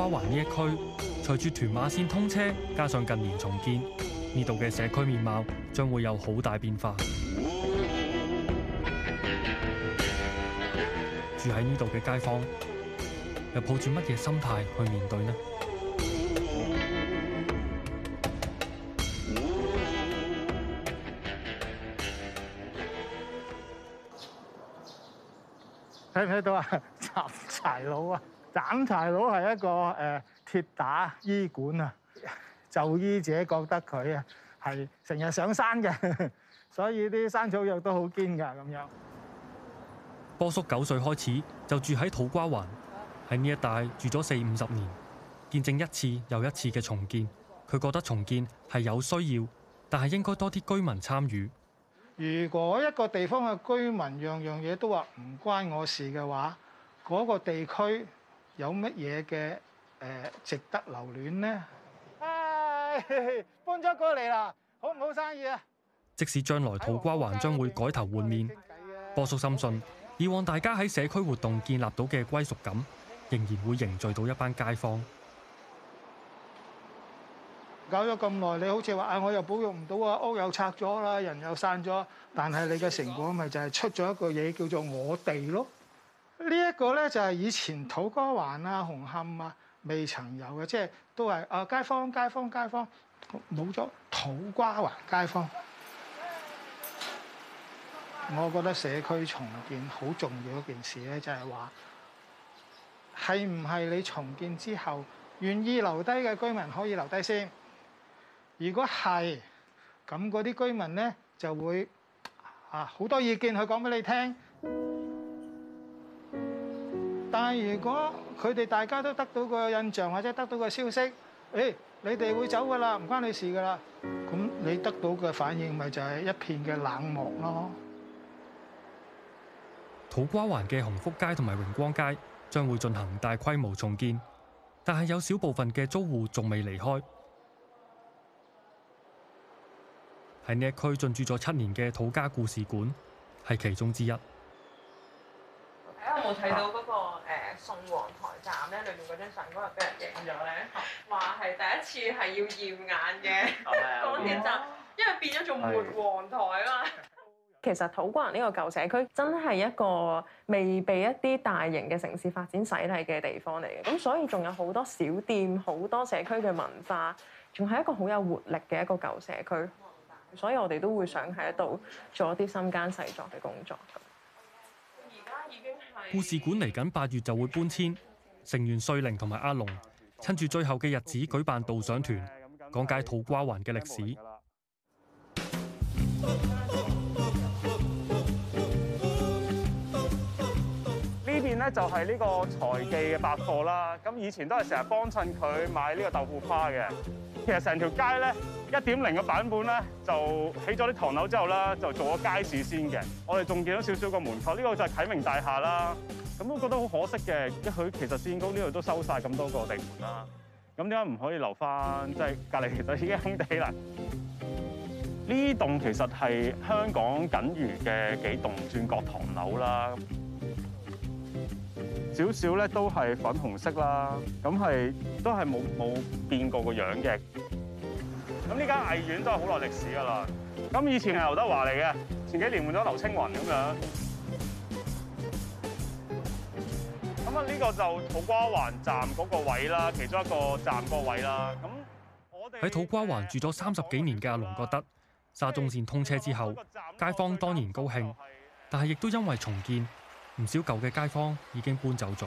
花環呢一區，隨住屯馬線通車，加上近年重建，呢度嘅社區面貌將會有好大變化。 住喺呢度嘅街坊，又抱住乜嘢心態去面對呢？睇唔睇到啊？雜 柴,柴佬啊！斬柴佬係一個誒、呃、鐵打醫館啊！就醫者覺得佢啊係成日上山嘅，所以啲山草藥都好堅㗎咁樣。波叔九歲開始就住喺土瓜灣，喺呢一帶住咗四五十年，見證一次又一次嘅重建。佢覺得重建係有需要，但係應該多啲居民參與。如果一個地方嘅居民樣樣嘢都話唔關我事嘅話，嗰個地區有乜嘢嘅誒值得留戀呢？搬咗過嚟啦，好唔好生意啊？即使將來土瓜灣將會改頭換面，波叔深信以往大家喺社區活動建立到嘅歸屬感，仍然會凝聚到一班街坊。搞咗咁耐，你好似話啊，我又保育唔到啊，屋又拆咗啦，人又散咗，但係你嘅成果咪就係出咗一個嘢叫做我哋咯。呢、這、一個咧就係以前土瓜灣啊、紅磡啊未曾有嘅，即係都係啊街坊、街坊、街坊，冇咗土瓜灣街坊。我覺得社區重建好重要嘅一件事咧，就係話係唔係你重建之後願意留低嘅居民可以留低先？如果係咁，嗰啲居民咧就會啊好多意見，去講俾你聽。但係，如果佢哋大家都得到個印象，或者得到個消息，誒，你哋會走㗎啦，唔關你事㗎啦。咁你得到嘅反應咪就係一片嘅冷漠咯。土瓜灣嘅鴻福街同埋榮光街將會進行大規模重建，但係有少部分嘅租戶仲未離開。喺呢一區進駐咗七年嘅土家故事館係其中之一。大家冇睇到嗰個。送皇臺站咧，裏面嗰張相嗰日俾人影咗咧，話係第一次係要驗眼嘅港鐵站，因為變咗做宋皇臺嘛。其實土瓜灣呢個舊社區真係一個未被一啲大型嘅城市發展洗禮嘅地方嚟嘅，咁所以仲有好多小店，好多社區嘅文化，仲係一個好有活力嘅一個舊社區。所以我哋都會想喺度做一啲深耕細作嘅工作。故事館嚟緊八月就會搬遷，成員瑞玲同埋阿龍趁住最後嘅日子舉辦導賞團，講解土瓜灣嘅歷史。呢邊呢，就係呢個財記嘅百貨啦，咁以前都係成日幫襯佢買呢個豆腐花嘅。其實成條街咧，一點零嘅版本咧，就起咗啲唐樓之後啦，就做咗街市先嘅。我哋仲見到少少個門口，呢個就係啟明大廈啦。咁都覺得好可惜嘅，佢其實市建局呢度都收曬咁多個地盤啦。咁點解唔可以留翻？即係隔離其實已經空地啦。呢棟其實係香港僅餘嘅幾棟轉角唐樓啦。少少咧都係粉紅色啦，咁係都係冇冇變過個樣嘅。咁呢間藝苑都係好耐歷史噶啦。咁以前係劉德華嚟嘅，前幾年換咗劉青雲咁樣。咁啊，呢個就土瓜灣站嗰個位啦，其中一個站嗰個位啦。咁我哋喺土瓜灣住咗三十幾年嘅阿龍覺得，沙中線通車之後，那個就是，街坊當然高興，就是就是，但係亦都因為重建。唔少舊嘅街坊已經搬走咗，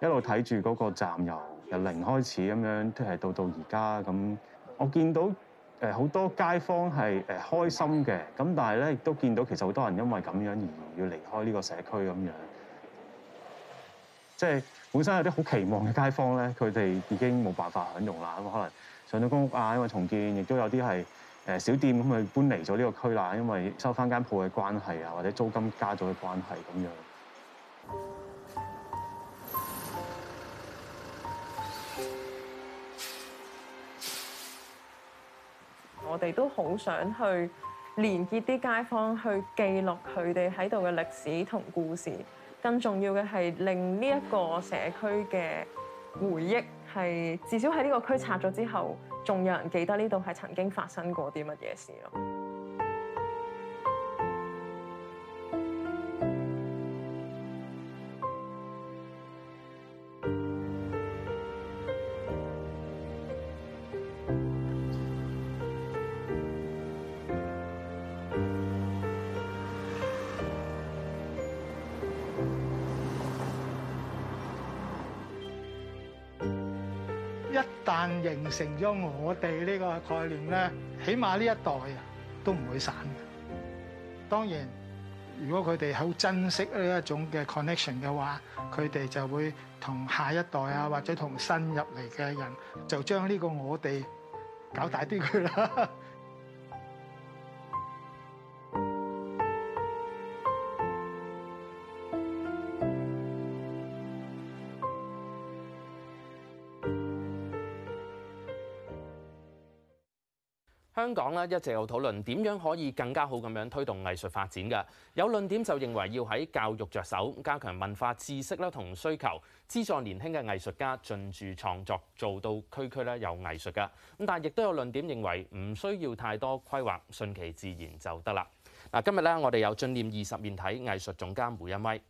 一路睇住嗰個站由由零開始咁樣，都係到到而家咁。我見到誒、呃、好多街坊係誒、呃、開心嘅，咁但係咧亦都見到其實好多人因為咁樣而要離開呢個社區咁樣，即、就、係、係、本身有啲好期望嘅街坊咧，佢哋已經冇辦法享用啦。咁可能上到公屋啊，因為重建，亦都有啲係。誒，小店咁咪搬離咗呢個區啦，因為收翻間鋪嘅關係啊，或者租金加咗嘅關係咁樣。我哋都好想去連結啲街坊，去記錄佢哋喺度嘅歷史同故事。更重要嘅係令呢一個社區嘅回憶係至少喺呢個區拆咗之後，仲有人記得呢度係曾經發生過啲乜嘢事咯。但形成咗我哋呢個概念咧，起碼呢一代啊都唔會散嘅。當然，如果佢哋好珍惜呢一種嘅 connection 嘅話，佢哋就會同下一代啊，或者同新入嚟嘅人，就將呢個我哋搞大啲佢啦。香港咧一直有討論點樣可以更加好咁樣推動藝術發展嘅。有論點就認為要喺教育着手，加強文化知識咧同需求，資助年輕嘅藝術家進駐創作，做到區區咧有藝術噶。咁但係亦都有論點認為唔需要太多規劃，順其自然就得啦。嗱，今日咧我哋有進念二十面體藝術總監胡恩威，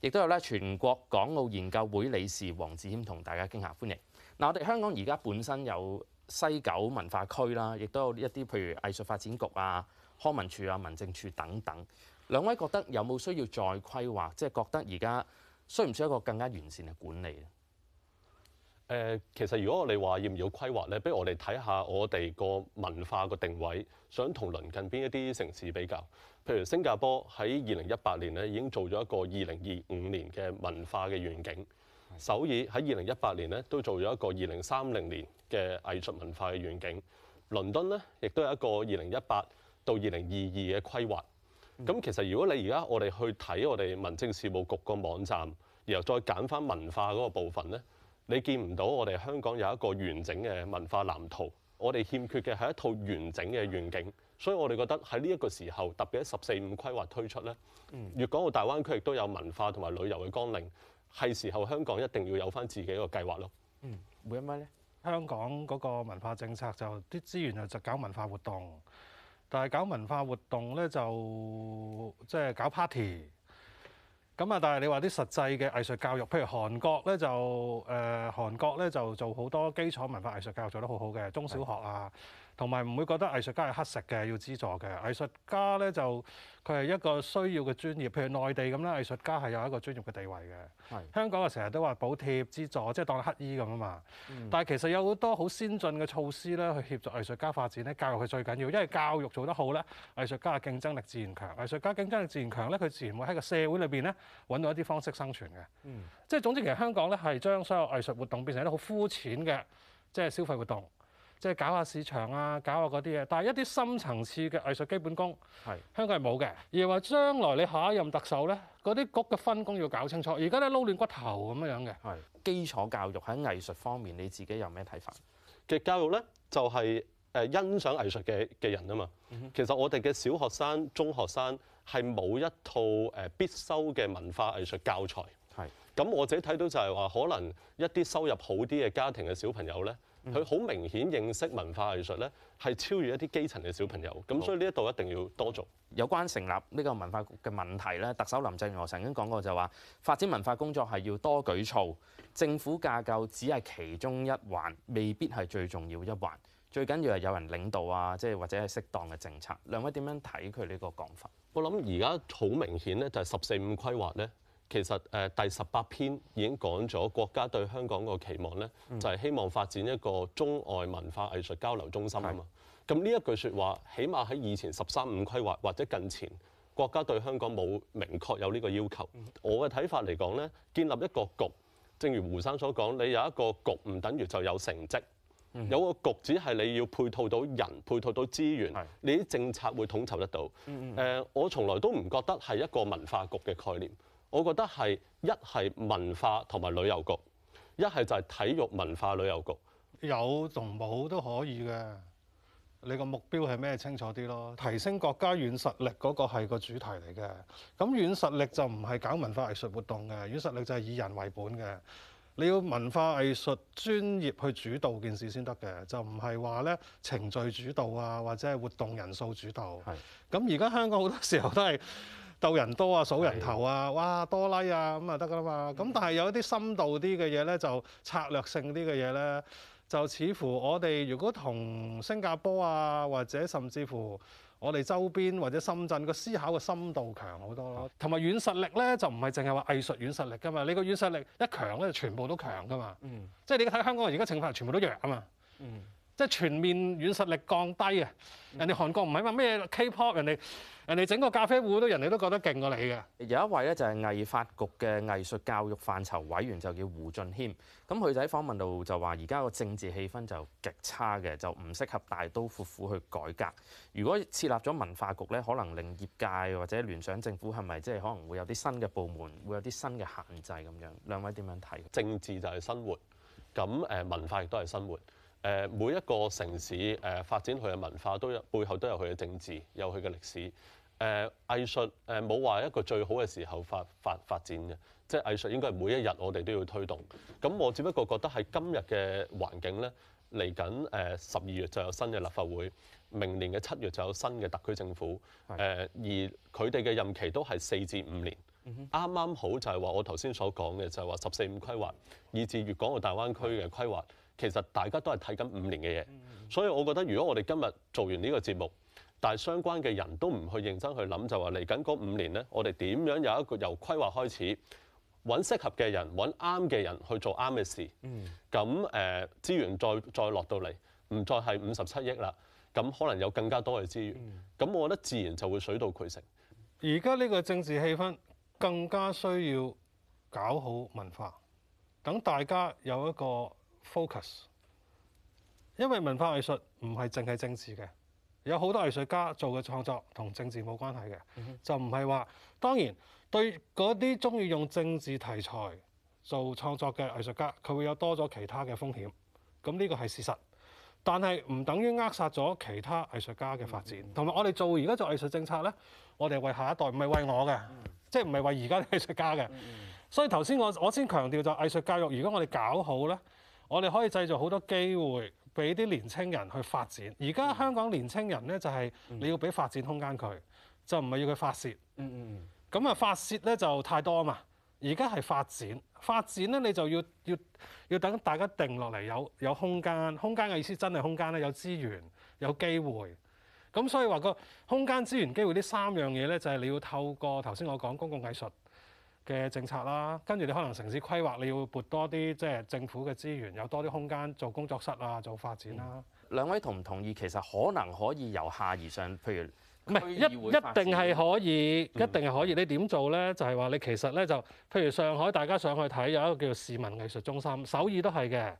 亦都有咧全國港澳研究會理事黃志謙同大家傾下，歡迎。嗱，我哋香港而家本身有西九文化區啦，亦都有一啲，譬如藝術發展局啊、康文署啊、民政處等等。兩位覺得有冇需要再規劃？即係覺得而家需唔需要一個更加完善嘅管理？誒，其實如果我哋話要唔要規劃咧，不如我哋睇下我哋個文化個定位，想同鄰近邊一啲城市比較。譬如新加坡喺二零一八年咧已經做咗一個二零二五年嘅文化嘅願景的，首爾喺二零一八年咧都做咗一個二零三零年嘅藝術文化嘅願景，倫敦咧亦都有一個二零一八到二零二二嘅規劃。咁、嗯、其實如果你而家我哋去睇我哋民政事務局個網站，然後再揀翻文化嗰個部分咧，你見唔到我哋香港有一個完整嘅文化藍圖。我哋欠缺嘅係一套完整嘅願景，所以我哋覺得喺呢一個時候，特別喺十四五規劃推出咧，粵、嗯、港澳大灣區亦都有文化同埋旅遊嘅綱領，係時候香港一定要有翻自己個計劃咯。嗯，每一米咧？香港嗰個文化政策就啲資源就就搞文化活動，但係搞文化活動呢，就即係搞 party，咁啊！但係你話啲實際嘅藝術教育，譬如韓國呢，就誒韓國呢就做好多基礎文化藝術教育，做得好好嘅中小學啊。同埋唔會覺得藝術家係乞食嘅，要資助嘅藝術家咧就佢係一個需要嘅專業，譬如內地咁咧，藝術家係有一個專業嘅地位嘅。係香港就成日都話補貼資助，即係當是乞兒咁啊嘛。但係其實有好多好先進嘅措施咧，去協助藝術家發展咧，教育佢最緊要，因為教育做得好咧，藝術家嘅競爭力自然強。藝術家競爭力自然強咧，佢自然會喺個社會裏邊咧揾到一啲方式生存嘅。嗯，即係總之其實香港咧係將所有藝術活動變成一啲好膚淺嘅即係消費活動。即係搞下市場啊，搞下嗰啲嘢，但係一啲深層次嘅藝術基本功，係香港係冇嘅。而話將來你下一任特首咧，嗰啲局嘅分工要搞清楚，而家咧撈亂骨頭咁樣嘅。係基礎教育喺藝術方面，你自己有咩睇法？嘅教育咧就係誒欣賞藝術嘅嘅人啊嘛。嗯。其實我哋嘅小學生、中學生係冇一套誒必修嘅文化藝術教材。係。咁我自己睇到就係話，可能一啲收入好啲嘅家庭嘅小朋友咧。佢好明顯認識文化藝術咧，係超越一啲基層嘅小朋友，咁所以呢一度一定要多做。有關成立呢個文化局嘅問題咧，特首林鄭月娥曾經講過就話，發展文化工作係要多舉措，政府架構只係其中一環，未必係最重要一環，最緊要係有人領導啊，即係或者係適當嘅政策。兩位點樣睇佢呢個講法？我諗而家好明顯咧，就係十四五規劃咧。其實、呃、第十八篇已經講咗國家對香港個期望咧、嗯，就係、是、希望發展一個中外文化藝術交流中心啊嘛。咁呢一句說話，起碼喺以前十三五規劃或者近前，國家對香港冇明確有呢個要求。嗯、我嘅睇法嚟講咧，建立一個局，正如胡生所講，你有一個局唔等於就有成績、嗯，有個局只係你要配套到人、配套到資源，的你啲政策會統籌得到。嗯嗯呃、我從來都唔覺得係一個文化局嘅概念。我覺得係一係文化同埋旅遊局，一係就係體育文化旅遊局。有同冇都可以嘅，你個目標係咩？清楚啲咯。提升國家軟實力嗰個係個主題嚟嘅。咁軟實力就唔係搞文化藝術活動嘅，軟實力就係以人為本嘅。你要文化藝術專業去主導件事先得嘅，就唔係話咧程序主導啊，或者係活動人數主導。係。咁而家香港好多時候都係。鬥人多啊，數人頭、like、啊，哇多拉啊，咁啊得噶啦嘛。咁、嗯、但係有一啲深度啲嘅嘢咧，就策略性啲嘅嘢咧，就似乎我哋如果同新加坡啊，或者甚至乎我哋周邊或者深圳個思考嘅深度強好多咯。同、嗯、埋軟實力咧，就唔係淨係話藝術軟實力噶嘛。你個軟實力一強咧，就全部都強噶嘛。嗯，即、就、係、是、你睇香港人而家情況，全部都弱啊嘛。嗯。即全面軟實力降低啊！人哋韓國唔係話咩 K-pop，人哋人哋整個咖啡壺都人哋都覺得勁過你嘅。有一位咧就係藝發局嘅藝術教育範疇委員，就叫胡俊軒。咁佢就喺訪問度就話：而家個政治氣氛就極差嘅，就唔適合大刀闊斧去改革。如果設立咗文化局咧，可能令業界或者聯想政府係咪即係可能會有啲新嘅部門，會有啲新嘅限制咁樣？兩位點樣睇？政治就係生活，咁誒文化亦都係生活。誒每一個城市誒、呃、發展佢嘅文化，都有背後都有佢嘅政治，有佢嘅歷史。誒、呃、藝術誒冇話一個最好嘅時候發發發展嘅，即係藝術應該係每一日我哋都要推動。咁我只不過覺得喺今日嘅環境咧，嚟緊誒十二月就有新嘅立法會，明年嘅七月就有新嘅特區政府。誒、呃、而佢哋嘅任期都係四至五年，mm-hmm、啱啱好就係話我頭先所講嘅就係話十四五規劃，以至粵港澳大灣區嘅規劃。其實大家都係睇緊五年嘅嘢，所以我覺得，如果我哋今日做完呢個節目，但係相關嘅人都唔去認真去諗，就話嚟緊嗰五年呢，我哋點樣有一個由規劃開始搵適合嘅人，搵啱嘅人去做啱嘅事，咁、嗯、誒、呃、資源再再落到嚟，唔再係五十七億啦，咁可能有更加多嘅資源，咁、嗯、我覺得自然就會水到渠成。而家呢個政治氣氛更加需要搞好文化，等大家有一個 focus，因為文化藝術唔係淨係政治嘅，有好多藝術家做嘅創作同政治冇關係嘅，mm -hmm. 就唔係話當然對嗰啲中意用政治題材做創作嘅藝術家，佢會有多咗其他嘅風險，咁呢個係事實。但係唔等於扼殺咗其他藝術家嘅發展，同埋，mm -hmm. 我哋做而家做藝術政策咧，我哋為下一代唔係為我嘅，mm -hmm. 即係唔係為而家嘅藝術家嘅。Mm -hmm. 所以頭先我我先強調就藝術教育，如果我哋搞好咧。我哋可以製造好多機會，俾啲年青人去發展。而家香港年青人呢，就係你要俾發展空間佢，就唔係要佢發泄。嗯嗯，咁啊發泄呢，就太多啊嘛。而家係發展，發展呢，你就要要要等大家定落嚟有有空間，空間嘅意思真係空間咧，有資源，有機會。咁所以話個空間、資源、機會呢三樣嘢呢，就係你要透過頭先我講公共藝術。嘅政策啦，啊，跟住你可能城市規劃你要撥多啲即係政府嘅資源，有多啲空間做工作室啊，做發展啦，啊。兩、嗯、位同唔同意？其實可能可以由下而上，譬如唔係一一定係可以，一定係可以。嗯、你點做咧？就係、是、話你其實咧就，譬如上海大家上去睇有一個叫做市民藝術中心，首爾都係嘅。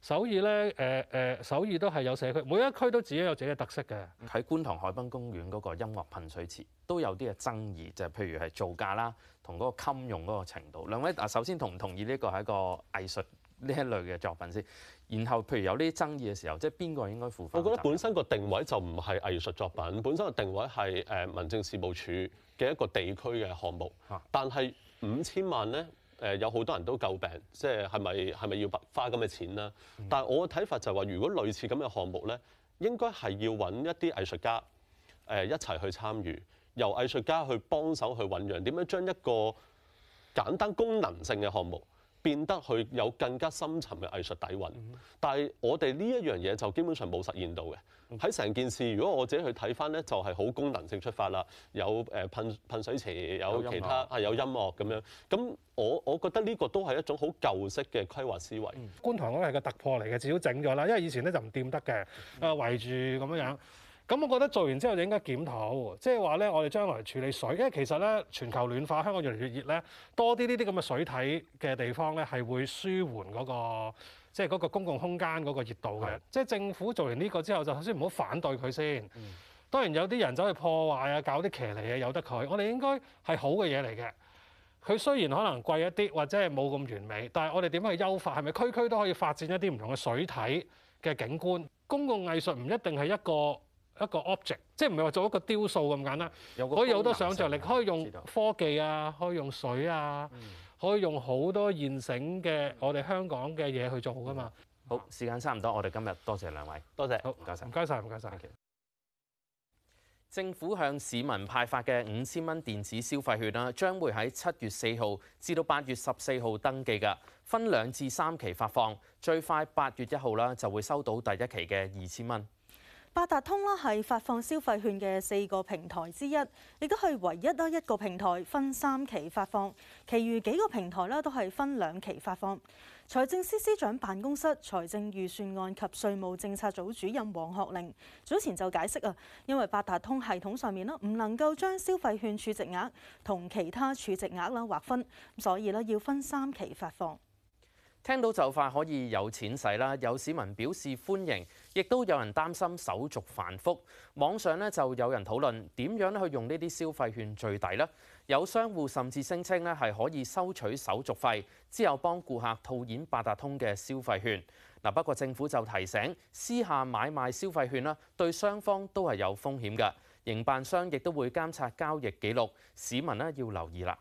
首爾咧，誒、呃、誒，首爾都係有社區，每一區都自己有自己嘅特色嘅。喺觀塘海濱公園嗰個音樂噴水池都有啲嘅爭議，就係、是、譬如係造價啦，同嗰個襟用嗰個程度。兩位嗱，首先同唔同意呢個係一個藝術呢一類嘅作品先？然後譬如有啲爭議嘅時候，即係邊個應該付？我覺得本身個定位就唔係藝術作品，本身個定位係誒民政事務處嘅一個地區嘅項目。嚇！但係五千萬咧。有好多人都詬病，即係係咪係咪要花咁嘅錢啦？但係我嘅睇法就係話，如果類似咁嘅項目咧，應該係要揾一啲藝術家一齊去參與，由藝術家去幫手去醖釀，點樣將一個簡單功能性嘅項目。變得去有更加深層嘅藝術底蘊，mm -hmm. 但係我哋呢一樣嘢就基本上冇實現到嘅。喺成件事 mm-hmm.，如果我自己去睇翻咧，就係、是、好功能性出發啦，有誒噴噴水池，有其他啊，有音樂咁樣。咁我我覺得呢個都係一種好舊式嘅規劃思維。Mm -hmm. 觀塘嗰個係個突破嚟嘅，至少整咗啦，因為以前咧就唔掂得嘅，誒、mm -hmm. 圍住咁樣。咁我覺得做完之後應該檢討，即係話咧，我哋將來處理水，因為其實咧全球暖化，香港越嚟越熱咧，多啲呢啲咁嘅水體嘅地方咧，係會舒緩嗰、嗰個即係嗰個公共空間嗰個熱度嘅。即係政府做完呢個之後，就首先唔好反對佢先。嗯、當然有啲人走去破壞啊，搞啲騎呢呀，由得佢。我哋應該係好嘅嘢嚟嘅。佢雖然可能貴一啲，或者係冇咁完美，但係我哋點去優化？係咪區區都可以發展一啲唔同嘅水體嘅景觀？公共藝術唔一定係一個一個 object，即係唔係話做一個雕塑咁簡單，有可以好多想像力，可以用科技啊，可以用水啊，嗯、可以用好多現成嘅我哋香港嘅嘢去做㗎嘛、嗯。好，時間差唔多，我哋今日多謝兩位，多謝，唔該晒，唔該晒。唔該晒。政府向市民派發嘅五千蚊電子消費券啦，將會喺七月四號至到八月十四號登記㗎，分兩至三期發放，最快八月一號啦就會收到第一期嘅二千蚊。八達通啦係發放消費券嘅四個平台之一，亦都係唯一啦一個平台分三期發放，其餘幾個平台啦都係分兩期發放。財政司司長辦公室財政預算案及稅務政策組主任黃學玲早前就解釋啊，因為八達通系統上面啦唔能夠將消費券儲值額同其他儲值額啦劃分，所以呢要分三期發放。聽到就快可以有錢使啦，有市民表示歡迎，亦都有人擔心手續繁複。網上呢，就有人討論點樣去用呢啲消費券最抵呢。有商戶甚至聲稱咧，係可以收取手續費之後幫顧客套現八達通嘅消費券。嗱，不過政府就提醒，私下買賣消費券啦，對雙方都係有風險嘅。營辦商亦都會監察交易記錄，市民咧，要留意啦。